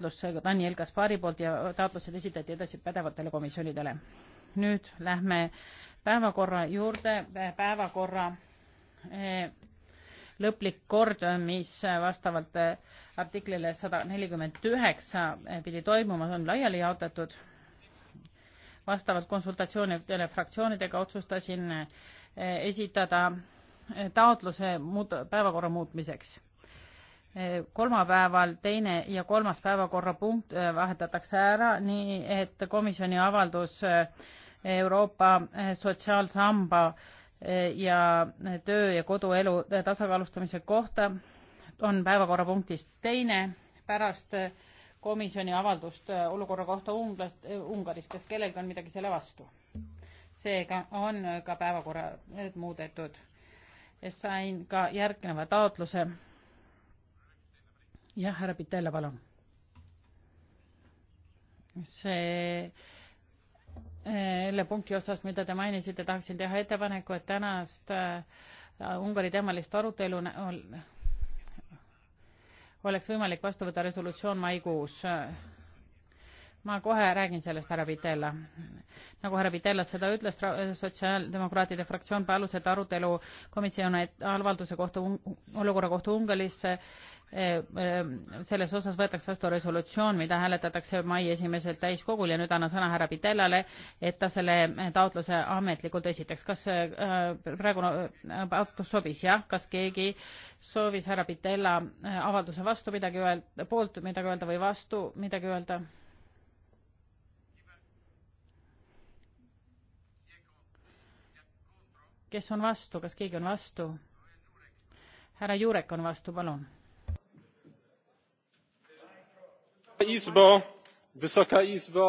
taotlus Daniel Kaspari poolt ja taotlused esitati edasi pädevatele komisjonidele. nüüd lähme päevakorra juurde, päevakorra eh, lõplik kord, mis vastavalt eh, artiklile sada nelikümmend üheksa eh, pidi toimuma, on laiali jaotatud. vastavalt konsultatsioonidele fraktsioonidega otsustasin esitada taotluse muud-, päevakorra muutmiseks kolmapäeval teine ja kolmas päevakorrapunkt äh, vahetatakse ära, nii et komisjoni avaldus äh, Euroopa äh, sotsiaalsamba ja töö ja koduelu tasakaalustamise kohta on päevakorrapunktist teine pärast komisjoni avaldust olukorra kohta Unglas, Ungaris, kas kellelgi on midagi selle vastu? seega on ka päevakorra muudetud. sain ka järgneva taotluse jah, härra Pitella, palun. see eh, selle punkti osas, mida te mainisite, tahaksin teha ettepaneku, et tänast äh, Ungari teemalist arutelu oleks võimalik vastu võtta resolutsioon maikuus äh, ma kohe räägin sellest, härra Pitella. nagu härra Pitella seda ütles, sotsiaaldemokraatide fraktsioon palus, et arutelu komisjoni avalduse kohta, olukorra kohta Ungaris eh, eh, selles osas võetakse vastu resolutsioon, mida hääletatakse mai esimesel täiskogul ja nüüd annan sõna härra Pitellale, et ta selle taotluse ametlikult esitaks. kas äh, eh, praegune avaldus sobis, jah, kas keegi soovis härra Pitella avalduse vastu midagi öelda, poolt midagi öelda või vastu midagi öelda? kes on vastu, kas keegi on vastu? härra Jurek on vastu, palun. Izbo, Wysoka Izbo,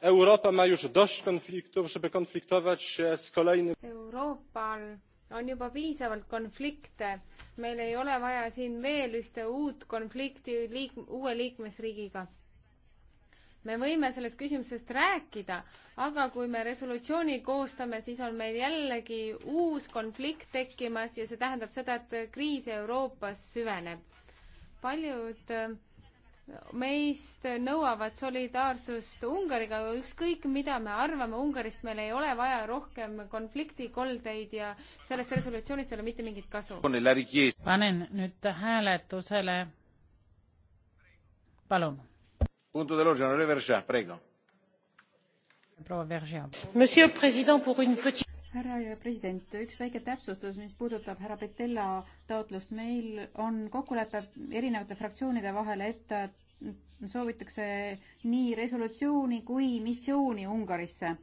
Europa ma już dość konfliktów, żeby konfliktować się z kolejnym. Euroopal on juba piisavalt konflikte, meil ei ole vaja siin veel ühte uut konflikti liik-, uue liikmesriigiga me võime sellest küsimusest rääkida, aga kui me resolutsiooni koostame, siis on meil jällegi uus konflikt tekkimas ja see tähendab seda, et kriis Euroopas süveneb. paljud äh, meist nõuavad solidaarsust Ungariga, ükskõik mida me arvame Ungarist, meil ei ole vaja rohkem konfliktikoldeid ja sellest resolutsioonist ei ole mitte mingit kasu. panen nüüd hääletusele. palun monsieur le président pour une petite härra president, üks väike täpsustus, mis puudutab härra Petella taotlust. meil on kokkulepe erinevate fraktsioonide vahel, et soovitakse nii resolutsiooni kui missiooni Ungarisse.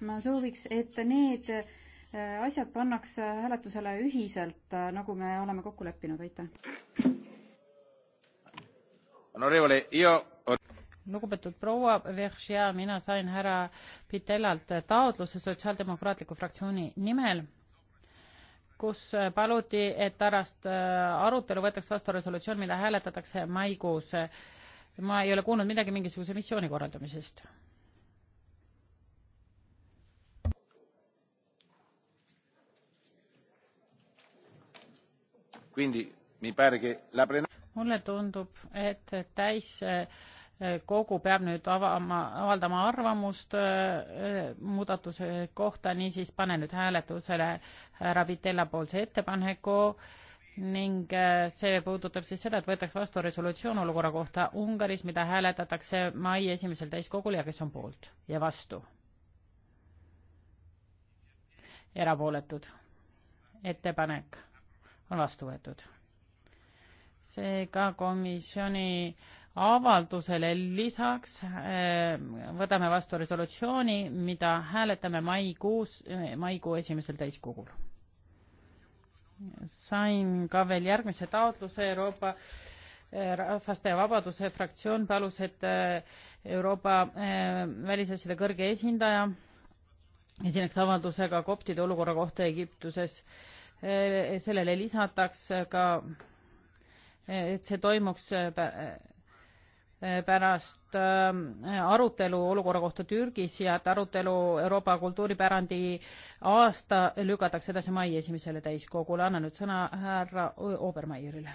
ma sooviks, et need äh, asjad pannakse hääletusele ühiselt, äh, nagu me oleme kokku leppinud, aitäh lugupeetud proua Veršia, mina sain härra Pitellalt taotluse Sotsiaaldemokraatliku fraktsiooni nimel, kus paluti, et pärast äh, arutelu võetakse vastu resolutsioon, mida hääletatakse maikuus. ma ei ole kuulnud midagi mingisuguse missiooni korraldamisest. quindi mi pare che la plenaria mulle tundub, et täis äh, kogu peab nüüd avama, avaldama arvamust äh, äh, muudatuse kohta, niisiis panen nüüd hääletusele härra Pitella poolse ettepaneku ning äh, see puudutab siis seda, et võetaks vastu resolutsioon olukorra kohta Ungaris, mida hääletatakse mai esimesel täiskogul ja kes on poolt ja vastu? erapooletud. ettepanek on vastu võetud seega komisjoni avaldusele lisaks äh, võtame vastu resolutsiooni, mida hääletame maikuus, äh, maikuu esimesel täiskogul. sain ka veel järgmise taotluse Euroopa äh, Rahvaste ja Vabaduse fraktsioon palus, et Euroopa välisasjade kõrge esindaja esineks avaldusega koptide olukorra kohta Egiptuses. sellele lisataks ka et see toimuks äh, äh, pärast äh, arutelu olukorra kohta Türgis ja et arutelu Euroopa kultuuripärandi aasta lükatakse edasi mai esimesele täiskogule. annan nüüd sõna härra Obermeierile.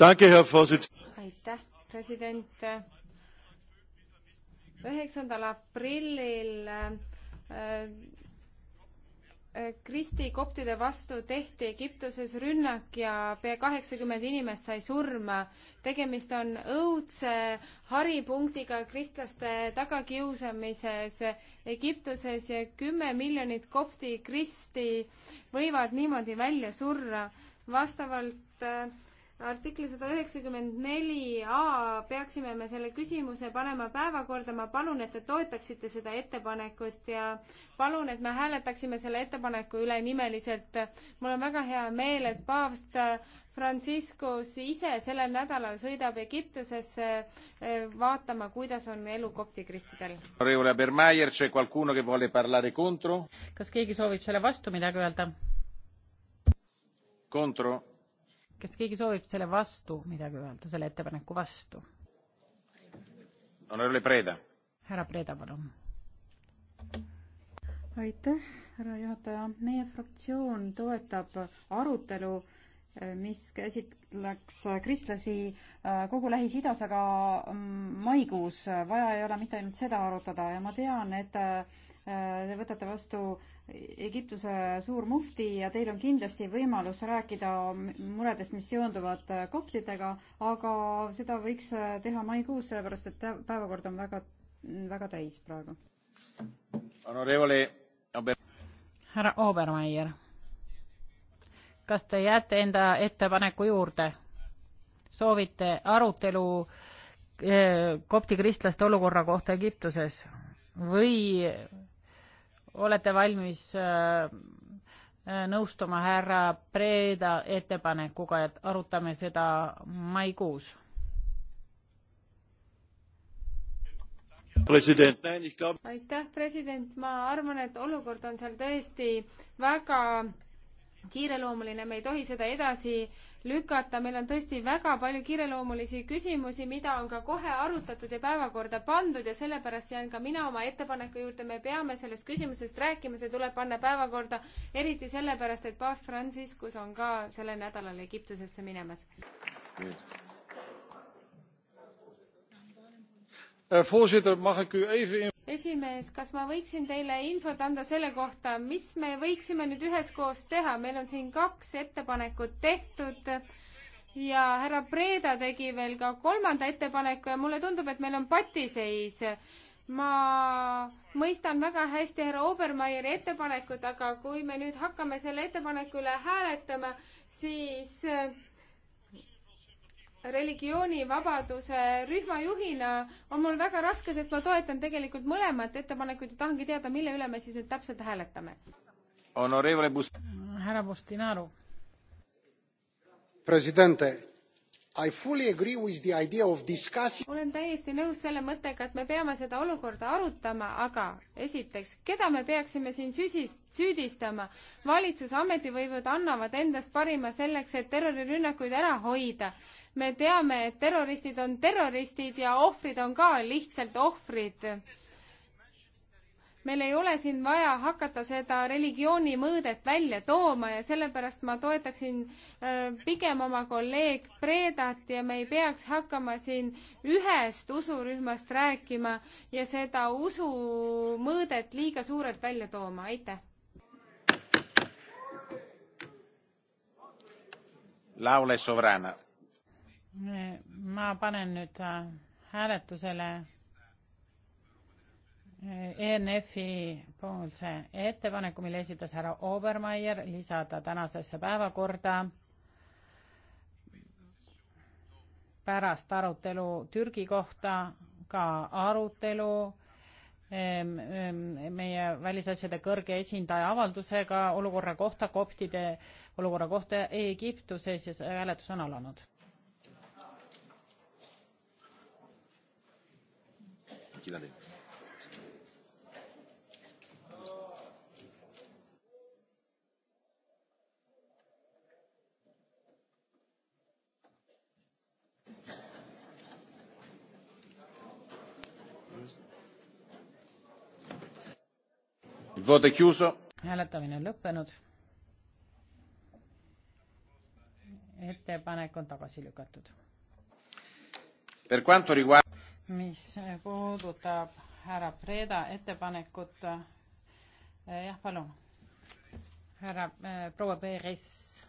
aitäh, president. üheksandal aprillil kristi koptide vastu tehti Egiptuses rünnak ja pea kaheksakümmend inimest sai surma. tegemist on õudse haripunktiga kristlaste tagakiusamises Egiptuses ja kümme miljonit kopti kristi võivad niimoodi välja surra. vastavalt äh, artikli sada üheksakümmend neli A peaksime me selle küsimuse panema päevakorda, ma palun, et te toetaksite seda ettepanekut ja palun, et me hääletaksime selle ettepaneku üle nimeliselt. mul on väga hea meel, et paavst Franciscus ise sellel nädalal sõidab Egiptusesse eh, vaatama, kuidas on elu kopti kristidel. kas keegi soovib selle vastu midagi öelda? Contro? kas keegi soovib selle vastu midagi öelda, selle ettepaneku vastu? härra Preda, palun. aitäh, härra juhataja. meie fraktsioon toetab arutelu, mis käsitleks kristlasi äh, kogu Lähis-Idas, aga mm, maikuus vaja ei ole mitte ainult seda arutada ja ma tean, et äh, te võtate vastu Egiptuse suurmufti ja teil on kindlasti võimalus rääkida muredest, mis seonduvad koptidega, aga seda võiks teha maikuus, sellepärast et päevakord on väga, väga täis praegu. härra Obermeier, kas te jääte enda ettepaneku juurde? soovite arutelu eh, kopti kristlaste olukorra kohta Egiptuses või olete valmis äh, nõustuma härra Preda ettepanekuga, et arutame seda maikuus? President. aitäh, president, ma arvan, et olukord on seal tõesti väga kiireloomuline, me ei tohi seda edasi lükata, meil on tõesti väga palju kiireloomulisi küsimusi, mida on ka kohe arutatud ja päevakorda pandud ja sellepärast jään ka mina oma ettepaneku juurde, me peame sellest küsimusest rääkima, see tuleb panna päevakorda, eriti sellepärast, et paavst Franciscus on ka sellel nädalal Egiptusesse minemas. Eh, voorzitter, mag ik u even in esimees, kas ma võiksin teile infot anda selle kohta, mis me võiksime nüüd üheskoos teha, meil on siin kaks ettepanekut tehtud ja härra Preeda tegi veel ka kolmanda ettepaneku ja mulle tundub, et meil on patiseis. ma mõistan väga hästi härra Obermeieri ettepanekut, aga kui me nüüd hakkame selle ettepaneku üle hääletama, siis religioonivabaduse rühmajuhina on mul väga raske, sest ma toetan tegelikult mõlemat ettepanekut ja tahangi teada, mille üle me siis nüüd täpselt hääletame. härra Postinaru. president I fully agree with the idea of discussing olen täiesti nõus selle mõttega, et me peame seda olukorda arutama, aga esiteks, keda me peaksime siin süsist, süüdistama? valitsus, ametivõimud annavad endast parima selleks, et terrorirünnakuid ära hoida me teame, et terroristid on terroristid ja ohvrid on ka lihtsalt ohvrid. meil ei ole siin vaja hakata seda religiooni mõõdet välja tooma ja sellepärast ma toetaksin äh, pigem oma kolleeg Predat ja me ei peaks hakkama siin ühest usurühmast rääkima ja seda usu mõõdet liiga suurelt välja tooma, aitäh. l'aula è sovrana ma panen nüüd äh, hääletusele äh, ENF-i poolse ettepaneku, mille esitas härra Obermeier, lisada tänasesse päevakorda pärast arutelu Türgi kohta ka arutelu ähm, ähm, meie välisasjade kõrge esindaja avaldusega olukorra kohta, koptide olukorra kohta Egiptuses ja see hääletus on alanud dale. hääletamine on lõppenud. ettepanek on tagasi lükatud mis puudutab härra Preda ettepanekut. jah, palun, härra äh, proua Peres.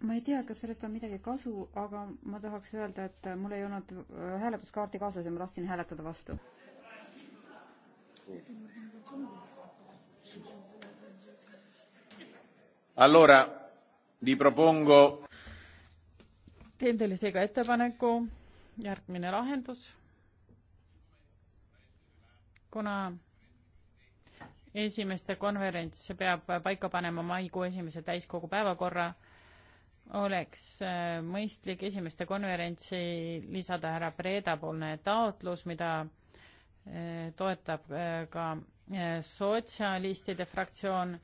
ma ei tea, kas sellest on midagi kasu, aga ma tahaks öelda, et mul ei olnud eh, hääletuskaarti kaasas ja ma tahtsin hääletada vastu. Allora vi propongo teen teile seega ettepaneku järgmine lahendus. kuna esimeste konverents peab paika panema maikuu esimese täiskogu päevakorra, oleks äh, mõistlik esimeste konverentsi lisada härra Breda poolne taotlus, mida äh, toetab äh, ka sotsialistide fraktsioon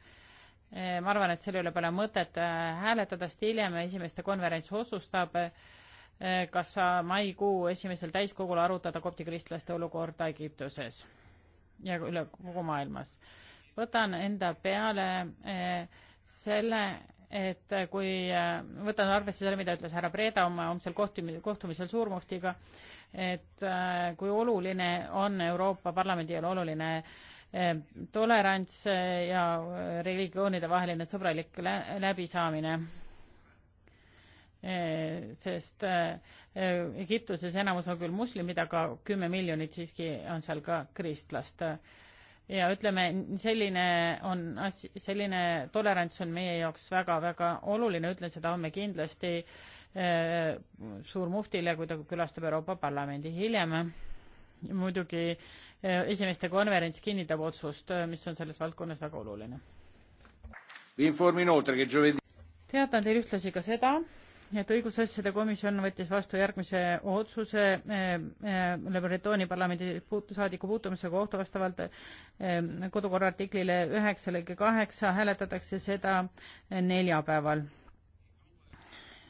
Eh, ma arvan, et selle üle pole mõtet eh, hääletada, sest hiljem esimeste konverents otsustab, eh, kas maikuu esimesel täiskogul arutada kopti kristlaste olukorda Egiptuses ja üle kogu maailmas. võtan enda peale selle, et kui, võtan arvesse selle, mida ütles härra Breda oma homsel kohtumisel, kohtumisel suurmuhtiga, et kui oluline on Euroopa Parlamendil oluline Ehm, tolerants eh, ja eh, religioonide vaheline sõbralik läbisaamine. Eh, sest Egiptuses enamus on küll moslemid, aga kümme miljonit siiski on seal ka kristlast. ja ütleme, selline on asi, selline tolerants on meie jaoks väga-väga oluline, ütlen seda homme kindlasti suurmuftile, kui ta külastab Euroopa Parlamendi hiljem. muidugi Äh, esimeste konverents kinnitab otsust, äh, mis on selles valdkonnas väga oluline. teatan teile ühtlasi ka seda, et õigusasjade komisjon võttis vastu järgmise otsuse äh, äh, Bretooni parlamendi puutu, saadiku puutumise kohta vastavalt äh, kodukorra artiklile üheksa lõige kaheksa hääletatakse seda neljapäeval.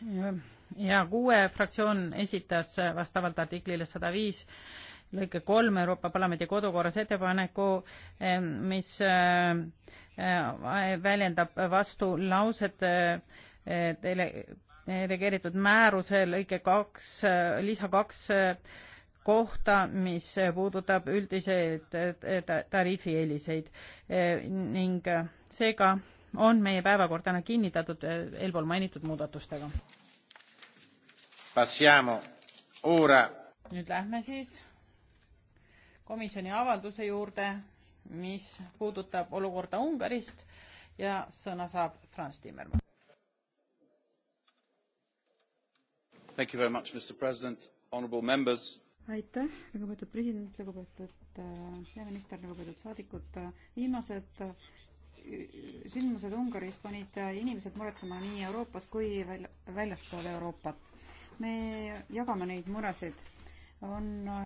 Äh, ja kuue fraktsioon esitas vastavalt artiklile sada viis lõike kolm Euroopa Parlamendi kodukorras ettepaneku, mis väljendab vastulauset eh, delegeeritud määruse lõike kaks, lisa kaks kohta, mis puudutab üldiseid eh, tariifieeliseid eh, ning seega on meie päevakord täna kinnitatud eelpool mainitud muudatustega. nüüd lähme siis komisjoni avalduse juurde, mis puudutab olukorda Ungarist ja sõna saab Franz Timmermann. aitäh, lugupeetud president, lugupeetud äh, peaminister, lugupeetud saadikud, viimased äh, sündmused Ungaris panid äh, inimesed muretsema nii Euroopas kui väljaspool Euroopat. me jagame neid muresid. on